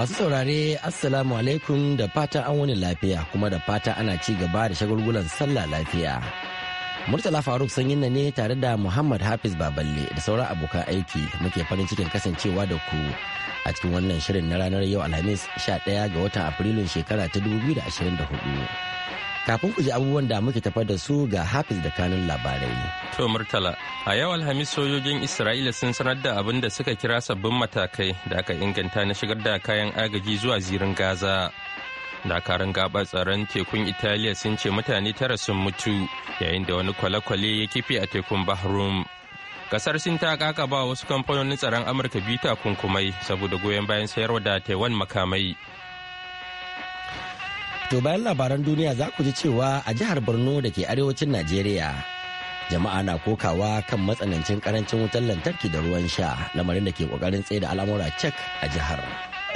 Masu saurare Assalamu alaikum da fata an wani lafiya kuma da fata ana ci gaba da shagulgulan sallah lafiya. Murtala Faruk sanyin ne tare da Muhammad Hafiz Baballe da sauran abokan aiki muke farin cikin kasancewa da ku a cikin wannan shirin na ranar yau Alhamis 11 ga watan Afrilun shekara ta 2024. kafin ku ji abubuwan da muke tafa da su ga hafiz da kanun labarai. To Murtala, a yau Alhamis sojojin Isra'ila sun sanar da abin da suka kira sabbin matakai da aka inganta na shigar da kayan agaji zuwa zirin Gaza. Dakarun gabar tsaron tekun Italiya sun ce mutane tara sun mutu yayin da wani kwale-kwale ya kife a tekun Bahrum. Kasar Sin ta kakaba wasu kamfanonin tsaron Amurka biyu takunkumai saboda goyon bayan sayarwa da Taiwan makamai. To bayan labaran duniya za ku ji cewa a jihar Borno da ke arewacin Najeriya. Jama'a na kokawa kan matsanancin karancin wutar lantarki da ruwan sha lamarin da ke kokarin tsaye da al'amura cek a jihar.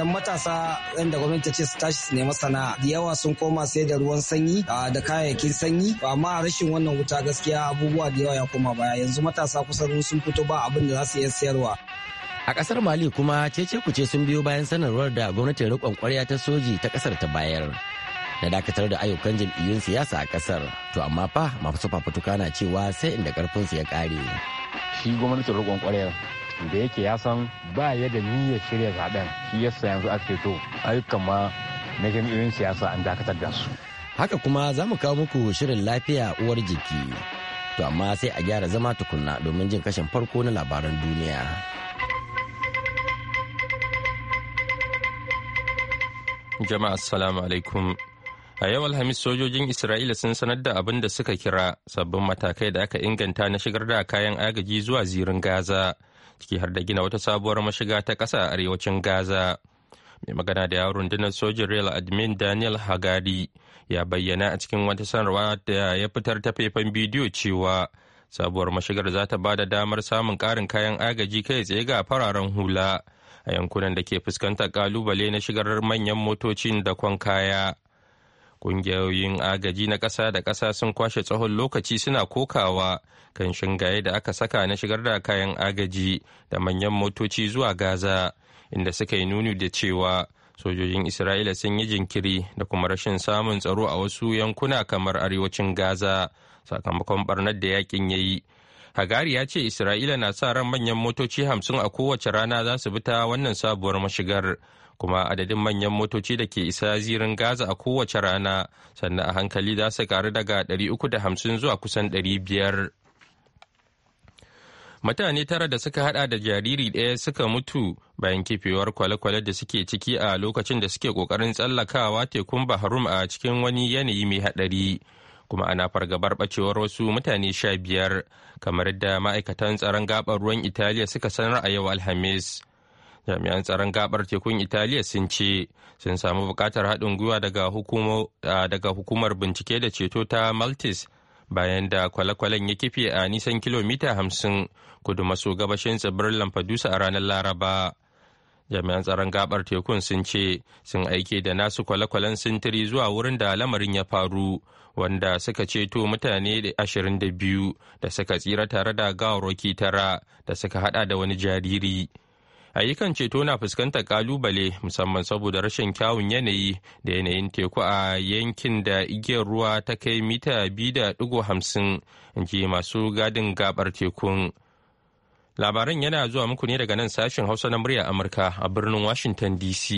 dan matasa da gwamnati ce su tashi su nema sana'a da yawa sun koma sai da ruwan sanyi da kayayyakin sanyi amma rashin wannan wuta gaskiya abubuwa da yawa ya koma baya yanzu matasa kusan sun fito ba abin da za su iya sayarwa a ƙasar mali kuma cece kuce sun biyo bayan sanarwar da gwamnatin riƙon ƙwarya ta soji ta kasar ta bayar na dakatar da ayyukan jam'iyyun siyasa a kasar to amma fa masu fafutuka na cewa sai inda karfin su ya kare shi gwamnatin rikon kwarewa da yake ya san ba ya da niyyar shirya zaben shi yasa yanzu ake ceto ayyukan ma na jam'iyyun siyasa an dakatar da su haka kuma za mu kawo muku shirin lafiya uwar jiki to amma sai a gyara zama tukunna domin jin kashin farko na labaran duniya jama'a assalamu alaikum A yau Alhamis sojojin Isra'ila sun sanar da abin da suka kira sabbin matakai da aka inganta na shigar da kayan agaji zuwa zirin Gaza, ciki har da gina wata sabuwar mashiga ta ƙasa a arewacin Gaza. Mai magana da yawon rundunar sojin Real Admin Daniel Hagari ya bayyana a cikin wata sanarwa da ya fitar ta faifan bidiyo cewa sabuwar mashigar za ta ba da damar samun karin kayan agaji kai tsaye ga fararen hula a yankunan da ke fuskantar ƙalubale na shigar manyan motocin da kwan kaya. Ƙungiyoyin agaji na ƙasa da ƙasa sun kwashe tsohon lokaci suna kokawa kan shingaye da aka saka na shigar da kayan agaji da manyan motoci zuwa Gaza, inda suka yi nuni da cewa sojojin Isra'ila sun yi jinkiri da kuma rashin samun tsaro a wasu yankuna kamar arewacin Gaza sakamakon barnar da yakin ya yi. Hagari ya ce Isra'ila na sa ran manyan motoci hamsin a kowace rana za su bi ta wannan sabuwar mashigar kuma adadin manyan motoci da ke isa zirin gaza a kowace rana sannan a hankali za su karu daga 350 zuwa kusan 500 mutane tara da suka hada da jariri ɗaya suka mutu bayan kifewar kwale-kwale da suke ciki a lokacin da suke kokarin tsallakawa tekun bahrum a cikin wani yanayi mai haɗari kuma ana fargabar bacewar wasu mutane sha biyar kamar da ma'aikatan tsaron gaɓar ruwan italiya suka sanar a yau alhamis jami'an tsaron gabar tekun italiya sun ce sun samu bukatar haɗin gwiwa daga hukumar bincike da ceto ta maltese bayan da kwale-kwalen ya kife a nisan kilomita hamsin kudu maso gabashin tsibirin lamfadusa a ranar laraba jami'an tsaron gabar tekun sun ce sun aike da nasu kwale-kwalen sintiri zuwa wurin da lamarin ya faru wanda suka ceto mutane 22 da suka tsira tare da gawarwaki tara da suka hada da wani jariri ayyukan ceto na fuskantar kalubale musamman saboda rashin kyawun yanayi da yanayin teku a yankin da igiyar ruwa ta kai mita biyu da digo hamsin inji masu gadin gabar tekun labaran yana zuwa muku ne daga nan sashen hausa na murya amurka a birnin washington dc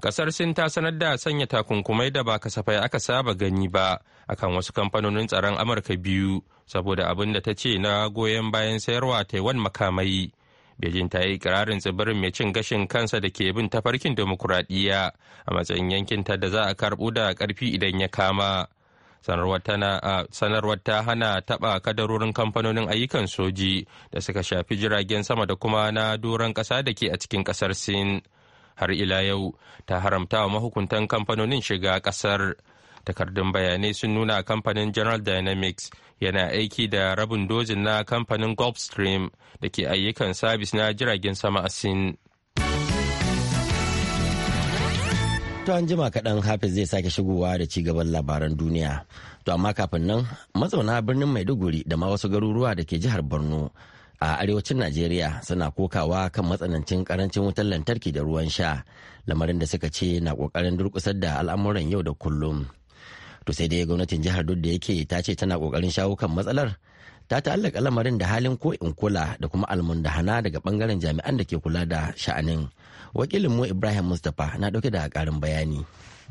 kasar sin ta sanar da sanya takunkumai da ba kasafai aka saba gani ba akan wasu kamfanonin tsaron amurka biyu saboda abin da ta ce na goyon bayan sayarwa taiwan makamai Beijing ta yi kirarin tsibirin mai cin gashin kansa da ke bin tafarkin demokuraɗiyya a matsayin yankin ta da za a karɓo da ƙarfi idan ya kama. Sanarwar ta hana taɓa kadarorin kamfanonin ayyukan soji da suka shafi jiragen sama da kuma na doron ƙasa da ke a cikin ƙasar Sin. Har ila yau ta haramta wa mahukuntan kamfanonin shiga ƙasar takardun bayanai sun nuna kamfanin general dynamics yana aiki da rabin dozin na kamfanin gulfstream da ke ayyukan sabis na jiragen sama a sin To an jima kaɗan Hafiz zai sake shigowa da ci gaban labaran duniya. To amma kafin nan mazauna birnin Maiduguri da ma wasu garuruwa da ke jihar Borno a arewacin Najeriya suna kokawa kan matsanancin karancin wutar lantarki da ruwan sha lamarin da suka ce na kokarin durkusar da al'amuran yau da kullum. to sai dai gwamnatin jihar duk da yake ta ce tana kokarin shawo kan matsalar ta ta'allaka lamarin da halin ko in kula da kuma almundahana daga bangaren jami'an da ke kula da sha'anin wakilin mu ibrahim mustapha na dauke da karin bayani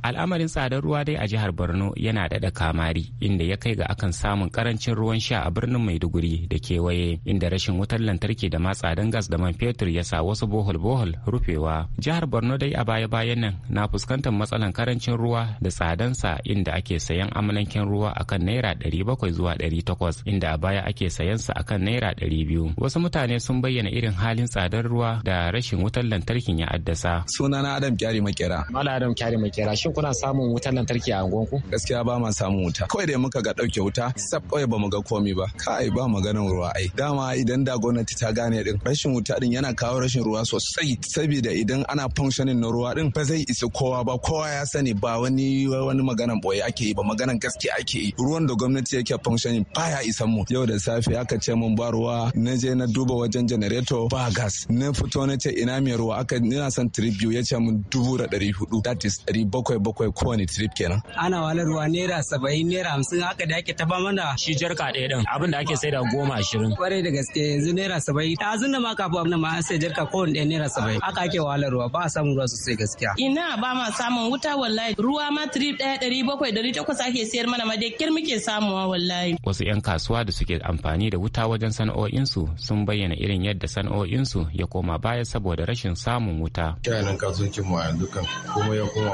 al'amarin tsadar ruwa dai a jihar borno yana daɗa kamari inda ya kai ga akan samun karancin ruwan sha a birnin maiduguri da kewaye inda rashin wutar lantarki da ma tsadan gas da man fetur ya sa wasu bohol bohol rufewa jihar borno dai a baya bayan nan na fuskantar matsalan karancin ruwa da tsadansa inda ake sayan amalanken ruwa akan naira ɗari zuwa ɗari takwas inda a baya ake sayan sa akan naira ɗari wasu mutane sun bayyana irin halin tsadar ruwa da rashin wutar lantarkin ya addasa sunana adam kyari makera mala adam kyari makera shin kuna samun wutar lantarki a unguwanku? Gaskiya ba ma samun wuta. Kawai dai muka ga ɗauke wuta, sab kawai ba mu ga komi ba. Kai ba maganar ruwa ai. Dama idan da gwamnati ta gane din rashin wuta din yana kawo rashin ruwa sosai saboda idan ana functioning na ruwa din ba zai isa kowa ba kowa ya sani ba wani wani maganan boye ake yi ba maganar gaskiya ake yi. Ruwan da gwamnati yake functioning baya isa mu. Yau da safe aka ce mun ba ruwa na je na duba wajen janareto. ba gas. Na fito na ce ina mai ruwa aka ina son tribute ya ce mun dubu da ɗari hudu that is ɗari bakwai bakwai kowane trip kenan. Ana walarwa naira saba'in naira hamsin haka da ake taba mana. Shi jarka ɗaya ɗin abin da ake sai da goma ashirin. Kwarai da gaske yanzu naira saba'in ɗazun da ma kafin abin ma an sai jarka kowane ɗaya naira saba'in haka ake walarwa ba a samun ruwa sosai gaskiya. Ina ba ma samun wuta wallahi ruwa ma trip ɗaya ɗari bakwai ɗari takwas ake sayar mana ma dai kyar muke samuwa wallahi. Wasu 'yan kasuwa da suke amfani da wuta wajen sana'o'insu sun bayyana irin yadda sana'o'insu ya koma baya saboda rashin samun wuta. Kyanan kasuwancin mu a dukkan kuma ya koma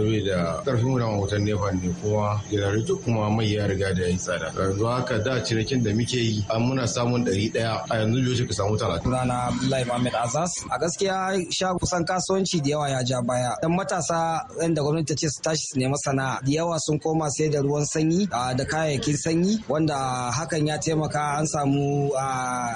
saboda karfin wuraren wutan nefa ne kuma duk kuma mai ya riga da yin tsada yanzu haka da cinikin da muke yi an muna samun ɗari ɗaya a yanzu biyu ka samu talatin. sunana Abdullahi Muhammad Azaz a gaskiya sha kusan kasuwanci da yawa ya ja baya dan matasa da gwamnati ta ce su tashi su nemi sana'a da yawa sun koma sai da ruwan sanyi da kayayyakin sanyi wanda hakan ya taimaka an samu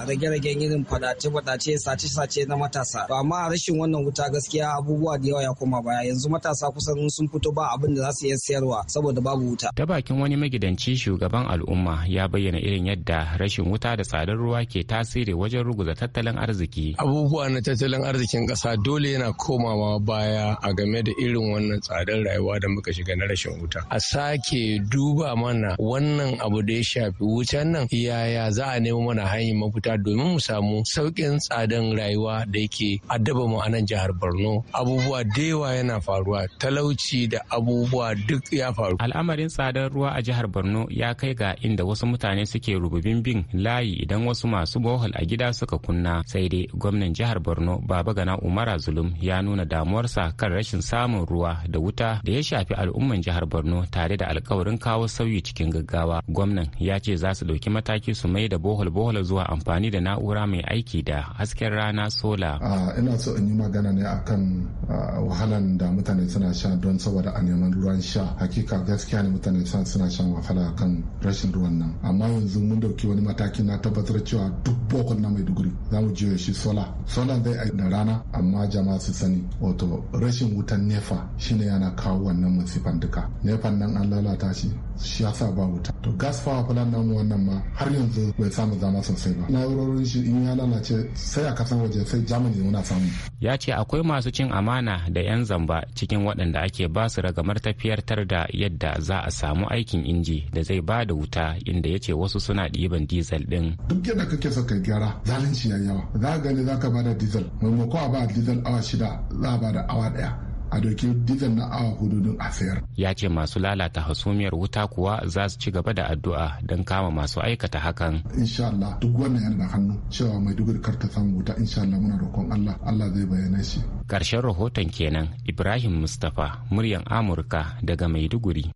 rage-ragen irin fadace-fadace sace-sace na matasa amma rashin wannan wuta gaskiya abubuwa da yawa ya koma baya yanzu matasa kusan sun fito ba abin da za su iya sayarwa saboda babu wuta. Ta bakin wani magidanci shugaban al'umma ya bayyana irin yadda rashin wuta da tsadar ruwa ke tasiri wajen ruguza tattalin arziki. Abubuwa na tattalin arzikin ƙasa dole yana komawa baya a game da irin wannan tsadar rayuwa da muka shiga na rashin wuta. A sake duba mana wannan abu da ya shafi wutan nan yaya za a nemo mana hanyar mafita domin mu samu sauƙin tsadar rayuwa da yake addaba mu a nan jihar Borno. Abubuwa da yawa yana faruwa talauci abinci da abubuwa duk ya faru. Al'amarin tsadar ruwa a jihar Borno ya kai ga inda wasu mutane suke rububin bin layi idan wasu masu bohol a gida suka kunna sai dai gwamnan jihar Borno Baba Gana Umara Zulum ya nuna damuwarsa kan rashin samun ruwa da wuta da ya shafi al'umman jihar Borno tare da alkawarin kawo sauyi cikin gaggawa. Gwamnan ya ce za su ɗauki mataki su mai da bohol-bohol zuwa amfani da na'ura mai aiki da hasken rana sola. Ah, ina so in yi magana ne akan ah, wahalan da mutane suna sha don saboda a neman ruwan sha hakika gaskiya ne mutane san suna shan wahala kan rashin ruwan nan amma yanzu mun dauki wani mataki na tabbatar cewa duk bokon na mai duguri za mu jiyo shi sola sola zai a da rana amma jama'a su sani wato rashin wutan nefa shine yana kawo wannan musifan duka nefan nan an lalata shi shi ya sa ba wuta to gas power plant namu wannan ma har yanzu bai samu zama sosai ba Na na'urorin shi in ya lalace sai a kasan waje sai germany muna samu ya ce akwai masu cin amana da yan zamba cikin waɗanda ake ke ba su ragamar tafiyar tar da yadda za a samu aikin inji da zai ba da wuta inda ya ce wasu suna ɗiban dizal ɗin. Duk yadda kake son ka gyara zalunci ya yawa za ka gani za ka ba da dizal maimako a ba dizal awa shida za a ba da awa ɗaya a doki dizan na awa hudu don a Ya ce masu lalata hasumiyar wuta kuwa za su ci gaba da addu'a don kama masu aikata hakan. Insha Allah duk wannan yana da hannu cewa mai dugur kar ta wuta insha Allah muna roƙon Allah Allah zai bayyana shi. Karshen rahoton kenan Ibrahim Mustapha muryan Amurka daga Maiduguri.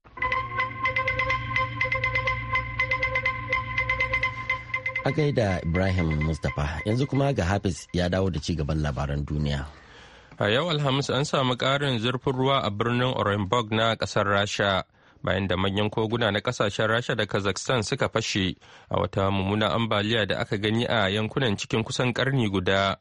A gaida Ibrahim Mustapha yanzu kuma ga Hafiz ya dawo da ci gaban labaran duniya. A yau Alhamis an samu ƙarin zurfin ruwa a birnin Orenburg na ƙasar Rasha. bayan da manyan koguna na kasashen rasha da kazakhstan suka fashe a wata mummuna ambaliya da aka gani a yankunan cikin kusan karni guda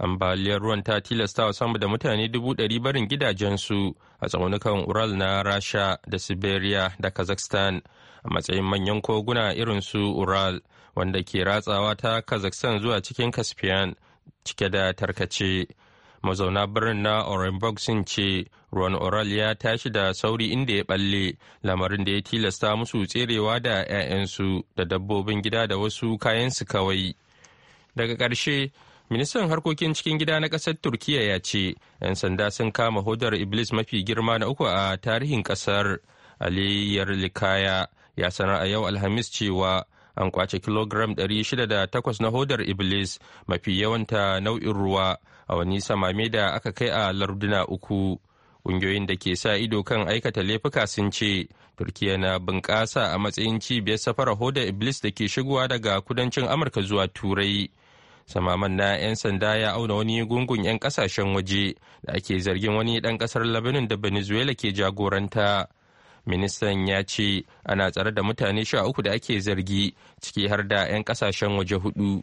ambaliyar ruwan ta tilasta wa sama da mutane dubu ɗari barin gidajensu a tsaunukan ural na rasha da siberia da kazakhstan a matsayin manyan koguna irin su ural wanda ke ratsawa ta kazakhstan zuwa cikin caspian cike da tarkace mazauna birnin na orenburg sun ce ron oral ya tashi da sauri inda ya balle lamarin da ya tilasta musu tserewa da 'ya'yansu da dabbobin gida da wasu kayansu kawai daga ƙarshe ministan harkokin cikin gida na ƙasar turkiya ya ce 'yan sanda sun kama hodar iblis mafi girma na uku a tarihin ƙasar aliyar likaya ya sanar a yau alhamis cewa an kwace kilogram 608 na hodar iblis mafi yawanta nau'in ruwa a wani samame da aka kai a larduna uku ƙungiyoyin da ke sa ido kan aikata laifuka sun ce turkiya na bunƙasa a matsayin cibiyar safara hoda iblis da ke shigowa daga kudancin amurka zuwa turai samaman na 'yan sanda ya auna wani gungun 'yan kasashen waje da ake zargin wani ɗan ƙasar labanin da venezuela ke jagoranta ministan ya ce ana tsare da mutane sha uku da ake zargi ciki har da 'yan kasashen waje hudu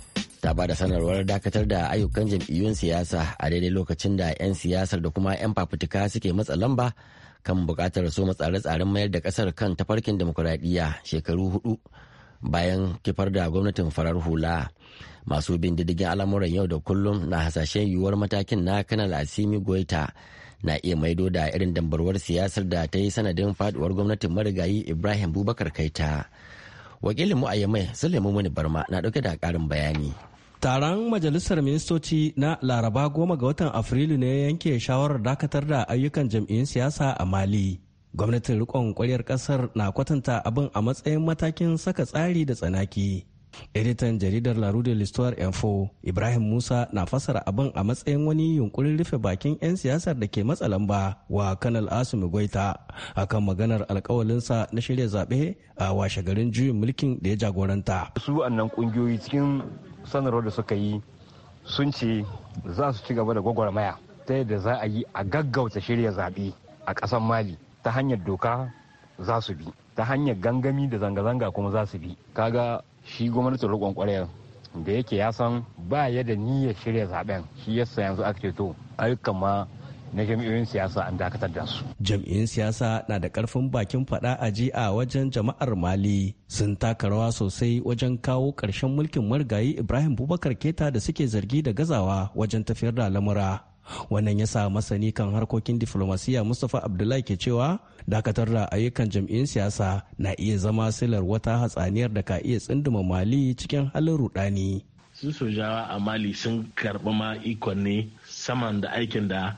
ta ba da sanarwar dakatar da ayyukan jam'iyyun siyasa a daidai lokacin da 'yan siyasar da kuma 'yan fafutuka suke matsa lamba kan bukatar so tsare-tsaren mayar da ƙasar kan tafarkin demokuraɗiyya shekaru hudu bayan kifar da gwamnatin farar hula masu bin diddigin al'amuran yau da kullum na hasashen yiwuwar matakin na kanal asimi goita na iya maido da irin dambarwar siyasar da ta yi sanadin faduwar gwamnatin marigayi ibrahim bubakar kaita wakilin mu a yamai sulaimu barma na dauke da karin bayani Taron Majalisar Ministoci na Laraba goma ga watan Afrilu ne yanke shawarar dakatar da ayyukan jam'iyyun siyasa a Mali. Gwamnatin rikon ƙwaryar Ƙasar na kwatanta abin a matsayin matakin saka tsari da tsanaki editan jaridar de l'histoire info ibrahim musa na fasara abin a matsayin wani yunkurin rufe bakin 'yan siyasar da ke matsa lamba wa kanal asumi goita akan maganar alkawalinsa na shirya zaɓe a washe garin juyin mulkin da ya jagoranta su annan kungiyoyi cikin sanarwar da suka yi sun ce za su ci gaba da gwagwarmaya ta yadda za a yi a gaggauta shirya zaɓe a ƙasar mali ta hanyar doka za su bi ta hanyar gangami da zanga-zanga kuma za su bi kaga shi gwamnatin riƙon kwarewa da yake ya san ba ya da niyyar shirya zaben shi yasa yanzu aka to ayyukan ma na jam'iyyun siyasa an dakatar da su. Jam'iyyun siyasa na da karfin bakin fada a ji a wajen jama'ar Mali sun taka rawa sosai wajen kawo karshen mulkin marigayi Ibrahim Bubakar Keta da suke zargi da gazawa wajen tafiyar da lamura. wannan ya sa masani kan harkokin diflomasiya mustapha abdullahi ke cewa dakatar da ayyukan jam'in siyasa na iya zama silar wata hatsaniyar da ka iya tsinduma mali cikin halin rudani su sojawa a mali sun karɓi ma ikon ne saman da aikin da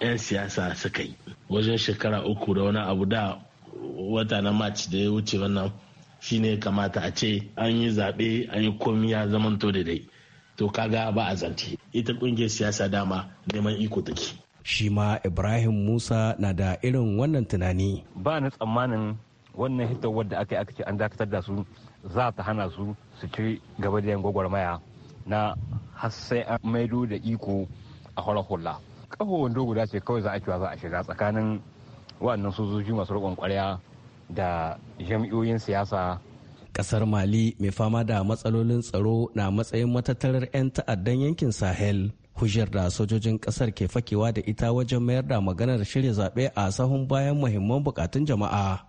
'yan siyasa suka yi wajen shekara uku da wani abu da wata na march da ya wuce wannan shine kamata a ce an yi zaɓe an yi komi ya zamanto da dai to kaga ba a zance ita kungiyar siyasa dama neman iko take shi ma ibrahim musa na da irin wannan tunani ba ni tsammanin wannan hitowar da aka yi aka ce an dakatar da su za ta hana su su ci gaba da yan gwagwarmaya na har a maido da iko a hula kaho wando guda ce kawai za a kiwa za a shiga tsakanin waɗannan sojoji masu riƙon kwarya da jam'iyoyin siyasa Kasar Mali mai fama da matsalolin tsaro na matsayin matattarar 'yan ta'addan yankin Sahel. Hujjar da sojojin kasar ke fakewa da ita wajen mayar da maganar shirya zaɓe a sahun bayan muhimman bukatun jama'a.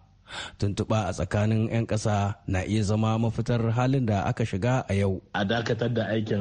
tuntuɓa a tsakanin 'yan ƙasa na iya zama mafitar halin da aka shiga a yau. A dakatar da aikin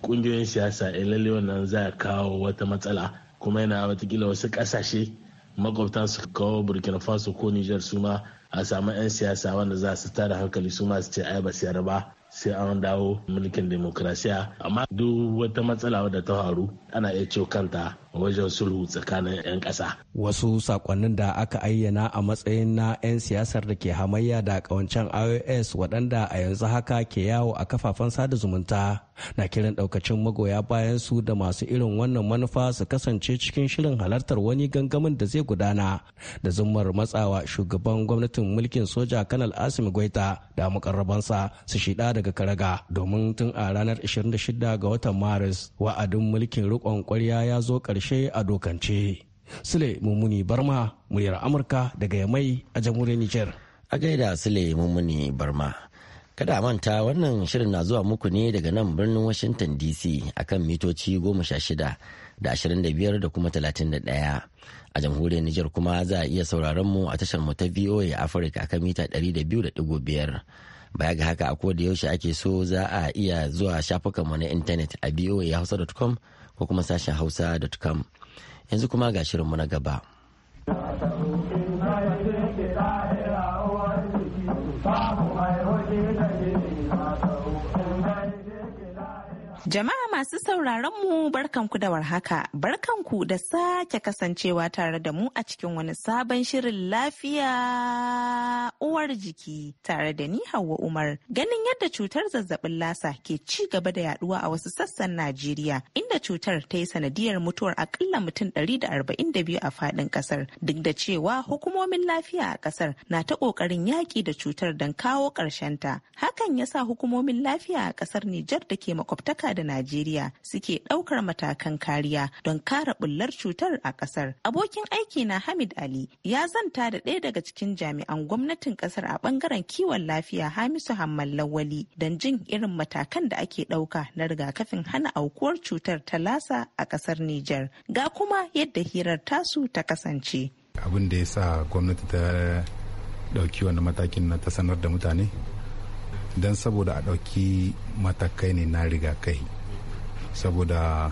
ƙungiyoyin siyasa eh, lalle wannan za kawo wata matsala kuma yana watakila wasu kasashe makwabtan su kawo burkina faso ko nijar suma. a samu 'yan siyasa wanda za su tara hankali su masu ce ai ba siyar ba sai an dawo mulkin demokrasiya amma duk wata matsala wadda ta faru ana iya ciwo kanta wajen sulhu tsakanin 'yan ƙasa. Wasu sakonnin da aka ayyana a matsayin na 'yan siyasar da ke hamayya da kawancen IOS waɗanda a yanzu haka ke yawo a kafafen sada zumunta na kiran ɗaukacin magoya bayan su da masu irin wannan manufa su kasance cikin shirin halartar wani gangamin da zai gudana da zummar matsawa shugaban gwamnatin mulkin soja kanal Asim Gwaita da mukarrabansa su shida daga karaga domin tun a ranar 26 ga watan Maris wa'adin mulkin rikon kwarya ya zo ƙarshe karshe a dokance. Sule Mummuni Barma, muryar Amurka daga Yamai a jamhuriyar Nijar. A gaida Sule Mummuni Barma. Kada manta wannan shirin na zuwa muku ne daga nan birnin Washington DC akan mitoci goma sha shida da ashirin da biyar da kuma talatin da ɗaya. A jamhuriyar Nijar kuma za a iya sauraron mu a tashar mu ta VOA Africa akan mita ɗari da biyu da ɗigo biyar. baya ga haka a da yaushe ake so za a iya zuwa shafukanmu na intanet a voahausa.com ko kuma sashen hausa.com yanzu kuma ga shirinmu na gaba. Jama'a masu sauraron mu barkanku da warhaka, barkanku da sake kasancewa tare da mu a cikin wani sabon shirin lafiya uwar jiki tare da ni Hauwa Umar. Ganin yadda cutar zazzabin lasa ke ci gaba da yaduwa a wasu sassan Najeriya, inda cutar ta yi sanadiyar mutuwar akalla mutum 142 a faɗin ƙasar, duk da cewa hukumomin lafiya a ƙasar na ta ƙoƙarin yaƙi da cutar don kawo ta Hakan ya sa hukumomin lafiya a ƙasar Nijar da ke makwabtaka da Najeriya suke ɗaukar matakan kariya don kare bullar cutar a ƙasar. Abokin aiki na Hamid Ali ya zanta da ɗaya daga cikin jami'an gwamnatin ƙasar a ɓangaren kiwon lafiya Hamisu Hammal Lawali don jin irin matakan da ake ɗauka na rigakafin hana aukuwar cutar ta lasa a ƙasar Nijar. Ga kuma yadda hirar tasu ta kasance. Abin da ya sa gwamnati ta ɗauki wani matakin na ta sanar da mutane don saboda a ɗauki matakai ne na rigakai saboda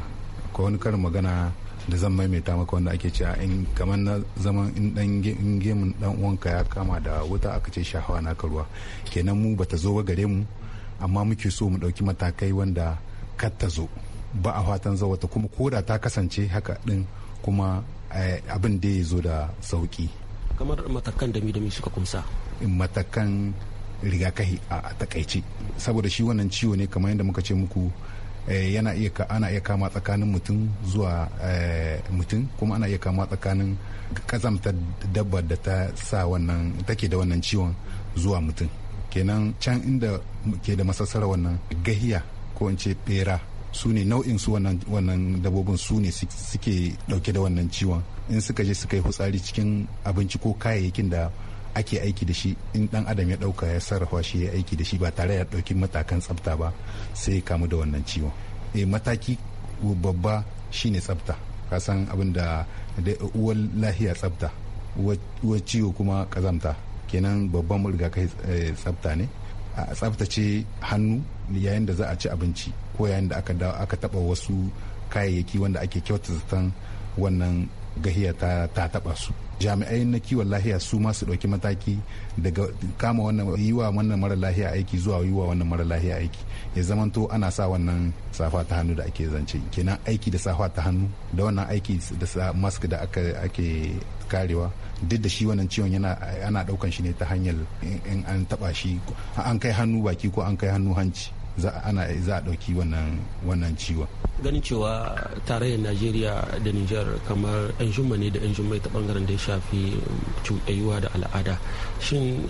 ko wani karin magana da zan maimaita maka wanda ake cewa in kamar na zaman in dan gemun dan uwanka ya kama da wuta aka ce shahawa naka ruwa kenan mu bata zo ba gare mu amma muke so mu dauki matakai wanda kar ta zo ba a fatan wata kuma koda ta kasance haka din kuma eh, abin da ya zo da sauki kamar matakan da mi da mi suka kumsa matakan rigakafi a takaice saboda shi wannan ciwo ne kamar yadda muka ce muku eh, yana iya ana iya kama tsakanin mutum zuwa eh, mutum kuma ana iya kama tsakanin kazamta dabba da ta sa wannan take da wannan ciwon zuwa mutum kenan can inda ke da masassara wannan gahiya ko in ce bera su ne nau'in su wannan dabobin su ne suke dauke da wannan ciwon in suka je suka yi hutsari cikin abinci ko kayayyakin da ake aiki da shi in dan adam ya dauka ya sarrafa shi ya aiki da shi ba tare ya dauki matakan tsafta ba sai kamu da wannan ciwo e eh, mataki babba shine tsafta ka san abin da uwar lahiya tsafta uwar ciwo kuma kazamta kenan babban rigakafi eh, tsafta ne a tsaftace hannu yayin da za a ci abinci ko yayin da aka taba wasu kayayyaki wanda ake kyautata wannan gahiya ta taɓa su jami'ai na kiwon lahiya su ma su ɗauki mataki daga kama wannan yi wa wannan mara lahiya aiki zuwa yi wa wannan mara lahiya aiki ya zamanto ana sa wannan safa ta hannu da ake zance kenan aiki da safa ta hannu da wannan aiki da mask da ake karewa duk da shi wannan ciwon yana ana ɗaukan shi ne ta hanyar in an taba shi an kai hannu baki ko an kai hannu hanci za a ɗauki wannan ciwon ganin cewa tarayyar najeriya da niger kamar 'yan juma ne da 'yan juma ta bangaren da ya shafi um, cuɗayuwa da al'ada shin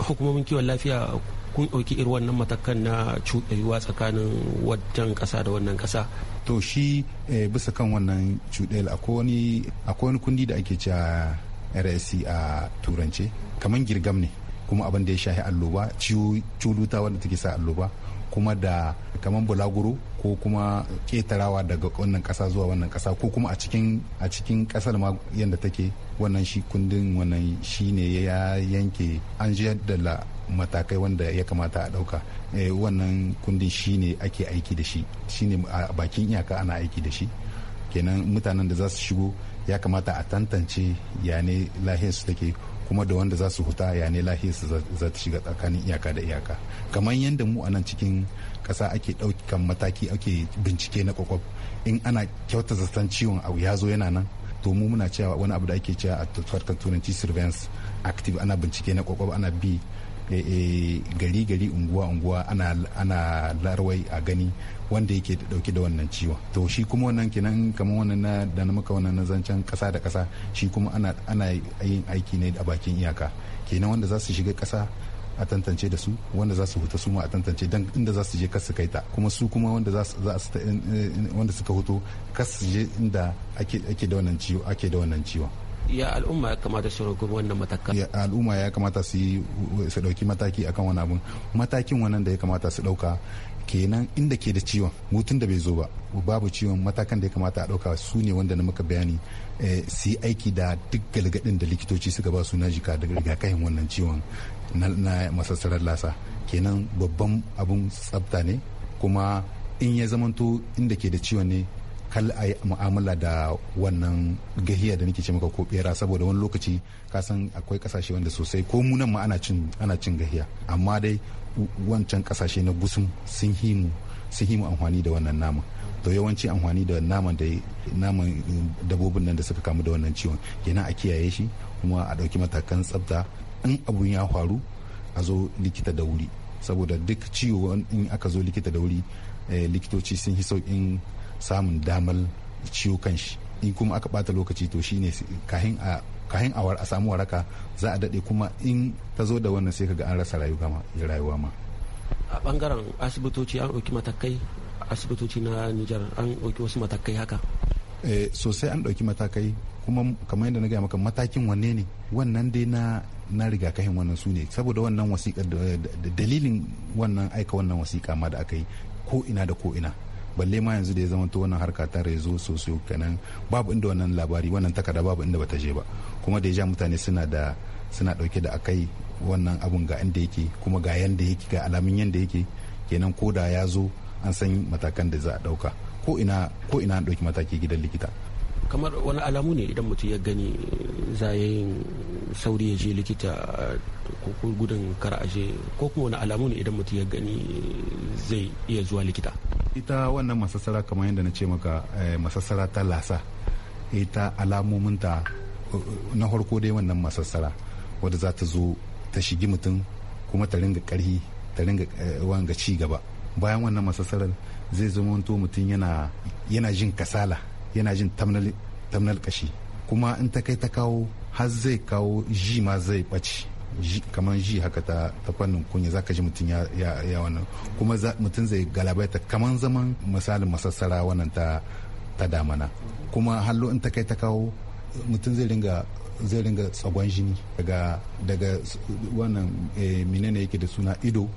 hukumomin kiwon lafiya kun ɗauki irin wannan matakan na cuɗayuwa tsakanin wajen ƙasa da wannan ƙasa to shi eh, bisa kan wannan cuɗayar akwai wani kundi da ake cewa rsc a turance kamar girgam ne kuma abin da ya shahi alloba ciwo culuta wanda take sa alloba kuma da kamar bulaguro ko kuma ketarawa daga wannan kasa zuwa wannan kasa ko kuma a cikin a kasar ma yadda take wannan shi kundin wannan shi ne ya yanke an la matakai wanda ya kamata a dauka eh, wannan kundin shi ne ake aiki da shi shi ne a bakin iyaka ana aiki da shi kenan mutanen da za su shigo ya kamata a tantance ya ne lahiyarsu take kuma da wanda za su huta ya ne lahiyar su za ta shiga tsakanin iyaka da iyaka kamar yadda mu a nan cikin kasa ake ɗaukan mataki ake bincike na kwakwaf in ana kyauta zaton ciwon abu ya zo yana nan to mu muna cewa wani abu da ake cewa a farkar turanci surveillance active ana bincike na kwakwaf ana bi Eh, eh, gari gari unguwa unguwa ana ana larwai a gani wanda yake dauke da wannan ciwon to shi kuma wannan kenan kamar wannan na da na maka wannan zancen kasa da kasa shi kuma ana ana yin aiki ne a bakin iyaka kenan wanda za su shiga kasa a tantance da su wanda za su huta su ma a tantance don inda za su je kasu kai ta kuma su kuma wanda za su wanda suka huto kasu je inda ake da wannan ciwo ake da wannan ciwon ya al'umma ya kamata su wannan matakan ya al'umma ya kamata su su dauki mataki akan wani abun matakin wannan da ya kamata su dauka kenan inda ke da ciwon hutun da bai zo ba babu ciwon matakan da ya kamata a dauka su ne wanda na muka bayani eh, su aiki da duk galgadin da likitoci suka ba su na jika daga rigakafin wannan ciwon na masassarar lasa kenan babban abun tsafta ne kuma in ya zamanto inda ke da ciwon ne kal a mu'amala da wannan gahiya da nake ce maka ko bera saboda wani lokaci ka san akwai kasashe wanda sosai ko mu nan ma ana cin ana cin gahiya amma dai wancan kasashe na gusum sun himu sun himu amfani da wannan nama. to yawanci amfani da naman da naman dabobin nan da suka kamu da wannan ciwon kenan a kiyaye shi kuma a ɗauki matakan tsafta in abun ya faru a zo likita da wuri saboda duk ciwo in aka zo likita da wuri eh, likitoci sun yi sauƙin samun damar ciwo kan shi in kuma aka bata lokaci to shine kahin a kahin awar a samu waraka za a daɗe kuma in ta zo da wannan sai ka ga an rasa rayuwa ma a bangaren asibitoci an ɗauki matakai asibitoci na nijar an ɗauki wasu matakai haka eh, sosai an ɗauki matakai kuma kamar yadda na gaya maka matakin wanne ne wannan dai na na kahin wannan su ne saboda wannan wasiƙa da dalilin wannan aika wannan wasiƙa ma da aka yi ko ina da ko ina balle ma yanzu da ya to wannan harka ta rezo sosai kenan babu inda wannan labari wannan takarda babu inda bata je ba kuma da ya mutane suna da suna dauke da akai wannan abun ga inda yake kuma ga yanda yake ga alamun yanda yake kenan ko da ya zo an san matakan da za a dauka ko ina ko ina an dauki mataki gidan likita kamar wani alamu ne idan mutum ya gani za yin sauri ya je likita ko gudun kar aje ko kuma wani alamu ne idan mutum ya gani zai iya zuwa likita ita wannan masassara kamar yadda na ce maka eh, masassara ta lasa ita alamominta na harko dai wannan masassara wadda za ta zo ta shigi mutum kuma ta ringa karhi ta ringa eh, wanga ci gaba bayan wannan masassarar zai zama mutum yana jin kasala yana jin tamnal kashi kuma in ta kai ta kawo har zai kawo ji ma zai ɓaci kamar ji haka ta fannin kunya ka ji mutum ya ya wannan kuma mutum zai galabaita kamar zaman misalin masassara wannan ta damana kuma hallo in ta kai ta kawo mutum zai ringa zai ringa tsagon jini daga daga wannan eh, menene yake da suna ido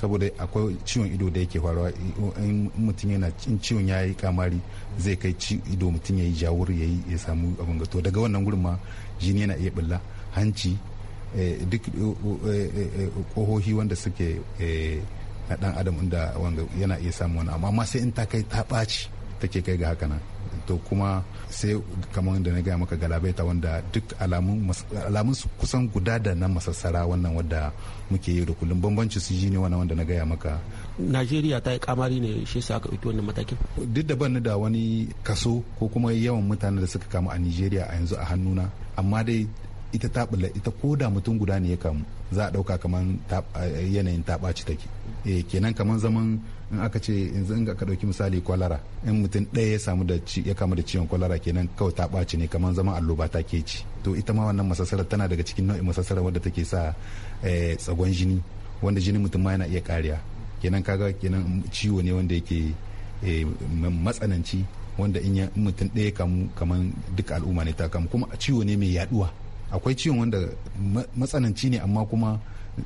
saboda akwai ciwon ido da yake faruwa in mutum yana in ciwon ya yi kamari zai kai ido mutum ya yi jawur ya ya samu abin gato daga wannan gurin ma jini yana iya bulla hanci eh, duk kohohi eh, eh, wanda suke na dan adam inda yana iya samu wani amma sai in ta kai ta ɓaci take kai ga haka nan to kuma sai kamar da na gaya maka galabaita wanda duk alamun kusan guda da nan masassara wannan wadda muke yi da kullum bambanci su ji ne wannan wanda na gaya maka najeriya ta yi kamari ne shi sa aka ɗauki wannan matakin duk da ban da wani kaso ko kuma yawan mutane da suka kamu a nigeria a yanzu a hannuna amma dai ita taɓula ita ko da mutum guda ne ya kamu za a dauka kamar eh, yanayin taɓaci take eh, kenan kamar zaman in aka ce yanzu in ka ɗauki misali kwalara in mutum ɗaya ya samu da ya kama da ciwon kwalara kenan kawai ta ɓaci ne kamar zama alloba ta ke ci to ita ma wannan masasarar tana daga cikin nau'in masasarar wadda take sa eh, tsagon jini wanda jini mutum ma yana iya kariya kenan kaga kenan ciwo ne wanda yake eh, matsananci wanda in mutum ɗaya kamu kamar duka al'umma ne ta kamu kuma ciwo ne mai yaduwa akwai ciwon wanda matsananci ne amma kuma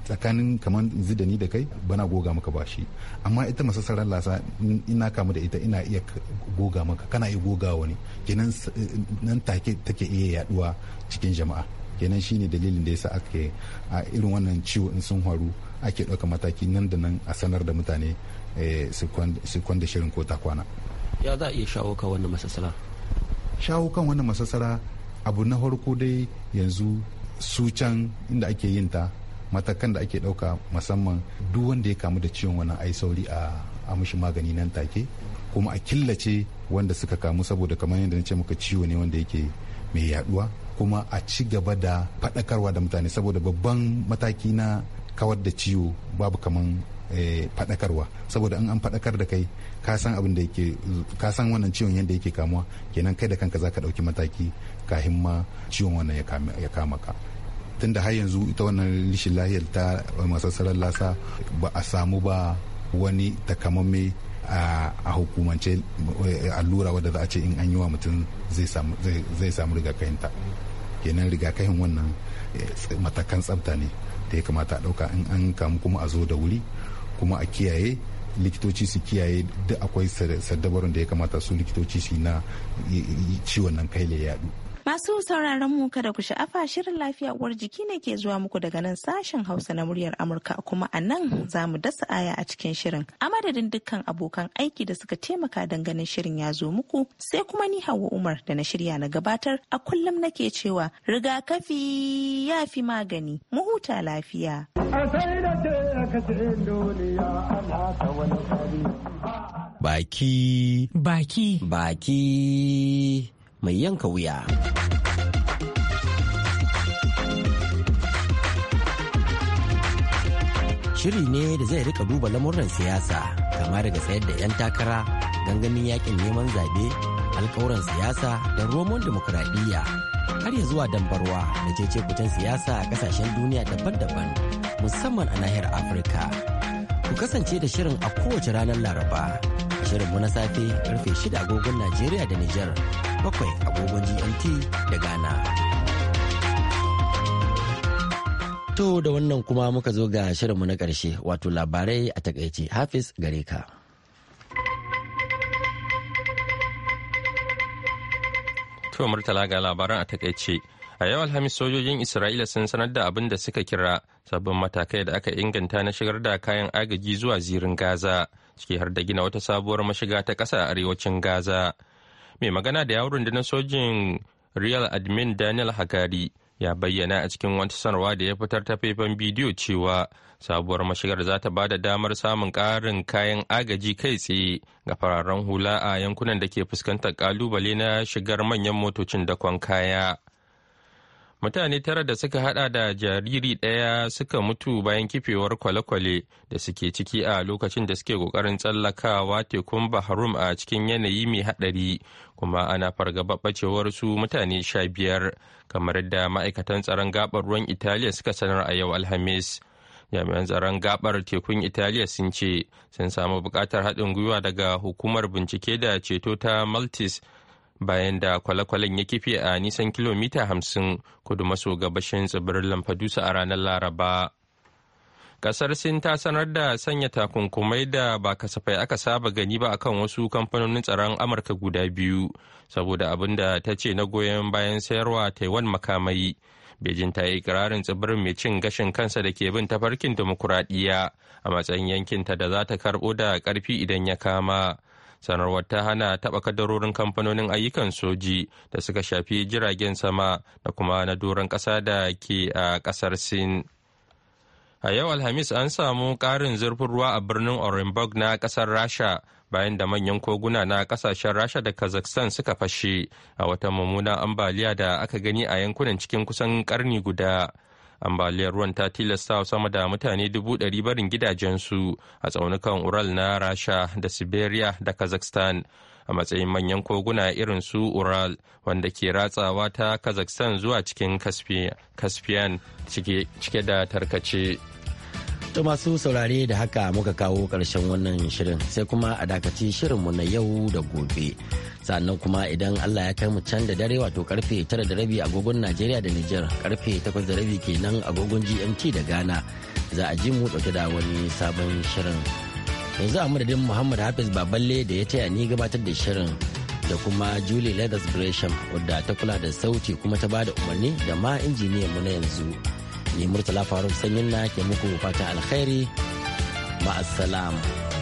tsakanin kamar yanzu da ni da kai bana goga maka bashi amma ita masassarar lasa ina kamu da ita ina iya goga maka kana iya goga wani kenan nan take take iya yaduwa cikin jama'a kenan shine dalilin da yasa ake a irin wannan ciwo in sun faru ake ɗauka mataki nan da nan a sanar da mutane eh, su kwanda shirin ko takwana ya za a iya shawo kan wannan masassara shawo kan wannan masassara abu na farko dai yanzu su can inda ake yin ta matakan da ake ɗauka musamman duk wanda ya kamu da ciwon wannan ai sauri a amshi magani nan take kuma a killace wanda suka kamu saboda kamar yadda na ce muka ciwo ne wanda yake mai yaduwa kuma a ci gaba da faɗakarwa da mutane saboda babban mataki na kawar da ciwo babu kaman eh, faɗakarwa saboda in an faɗakar da kai ka san abin da yake ka san wannan ciwon yadda yake kamuwa kenan kai da kanka za ka ɗauki mataki kahin ma ciwon wannan ya kama ka Tun da har yanzu ita wannan rishin lahiyar ta masassarar lasa ba a samu ba wani takamamme a hukumance eh, allura wadda za a ce in an yi wa mutum zai samu rigakafinta kenan rigakafin wannan eh, matakan tsabta ne da ya kamata a ɗauka in an kamu kuma a zo da wuri kuma a kiyaye likitoci su kiyaye duk akwai sadabarun da ya kamata su likitoci su na ciwon nan kai ya yadu Masu sauraron mu kada ku sha'afa shirin lafiya uwar jiki ne ke zuwa muku daga nan sashen Hausa na muryar Amurka kuma a nan za mu dasa aya a cikin shirin. A madadin dukkan abokan aiki da suka taimaka don ganin shirin ya zo muku sai kuma ni Hauwa Umar da na shirya na gabatar a kullum nake cewa rigakafi ya fi magani mu huta lafiya. Baki. Baki. Baki. mai yanka wuya. Shiri ne da zai rika duba lamuran siyasa kama daga tsayar da 'yan takara gangamin yakin neman zaɓe alkawuran siyasa da romon demokuraɗiyya har ya zuwa dambarwa da cece kucin siyasa a kasashen duniya daban-daban musamman a nahiyar afirka ku kasance da shirin a kowace ranar laraba shirinmu na safe karfe shida agogon Najeriya da Nijar, bakwai agogon GMT da Ghana. To da wannan kuma muka zo ga shirinmu na ƙarshe wato labarai a takaice Hafiz gare ka. To Murtala ga labaran a takaice. A yau Alhamis sojojin Isra'ila sun sanar da abin da suka kira sabbin matakai da aka inganta na shigar da kayan agaji zuwa zirin Gaza ciki har da gina wata sabuwar mashiga ta ƙasa a arewacin gaza mai magana da yawon na sojin real admin daniel hagari ya bayyana a cikin wata sanarwa da ya fitar ta faifan bidiyo cewa sabuwar mashigar za ta ba da damar samun ƙarin kayan agaji kai tsaye ga fararen hula a yankunan da ke fuskantar ƙalubale na shigar manyan motocin dakon kaya. mutane tara da suka hada da jariri ɗaya suka mutu bayan kifewar kwale-kwale da suke ciki a lokacin da suke kokarin tsallakawa tekun bahrum a cikin yanayi mai haɗari kuma ana fargaba bacewar su mutane sha biyar kamar da ma'aikatan tsaron gabar ruwan italiya suka sanar a yau alhamis jami'an tsaron gabar tekun italiya sun ce sun samu bukatar haɗin gwiwa daga hukumar bincike da ceto ta maltese bayan da kwale-kwalen ya kife a nisan kilomita hamsin kudu maso gabashin tsibirin lamfadusa a ranar laraba kasar sin ta sanar da sanya takunkumai da ba kasafai aka saba gani ba akan wasu kamfanonin tsaron amurka guda biyu saboda abin da ta ce na goyon bayan sayarwa taiwan makamai bejin ta yi ikirarin tsibirin mai cin gashin kansa da ke bin tafarkin dimokuraɗiyya a matsayin yankinta da za ta karɓo da ƙarfi idan ya kama sanarwar ta hana taɓa kadarorin kamfanonin ayyukan soji da suka shafi jiragen sama da kuma na doron ƙasa da ke a ƙasar sin a yau alhamis an samu ƙarin zurfin ruwa a birnin orenburg na ƙasar rasha bayan da manyan koguna na kasashen rasha da kazakhstan suka fashe a wata mummuna ambaliya da aka gani a yankunan cikin kusan karni guda ambaliyar ruwan ta tilasta sama da mutane dubu ɗari barin gidajensu a tsaunukan ural na rasha da siberia da kazakhstan a matsayin manyan koguna irin su ural wanda ke ratsawa ta kazakhstan zuwa cikin caspian cike da tarkace To masu saurare da haka muka kawo karshen wannan shirin sai kuma a dakaci shirinmu na yau da gobe. sannan kuma idan Allah ya kai mu can da dare wato karfe 9 da rabi agogon Najeriya da Nijar karfe 8 da rabi kenan agogon GMT da Ghana za a ji mu dauke da wani sabon shirin yanzu a madadin Muhammad Hafiz Baballe da ya taya ni gabatar da shirin da kuma Julie Leathers Gresham wadda ta kula da sauti kuma ta bada umarni da ma injiniyan mu na yanzu ni Murtala Faruk Sanyin na ke muku fatan alkhairi assalamu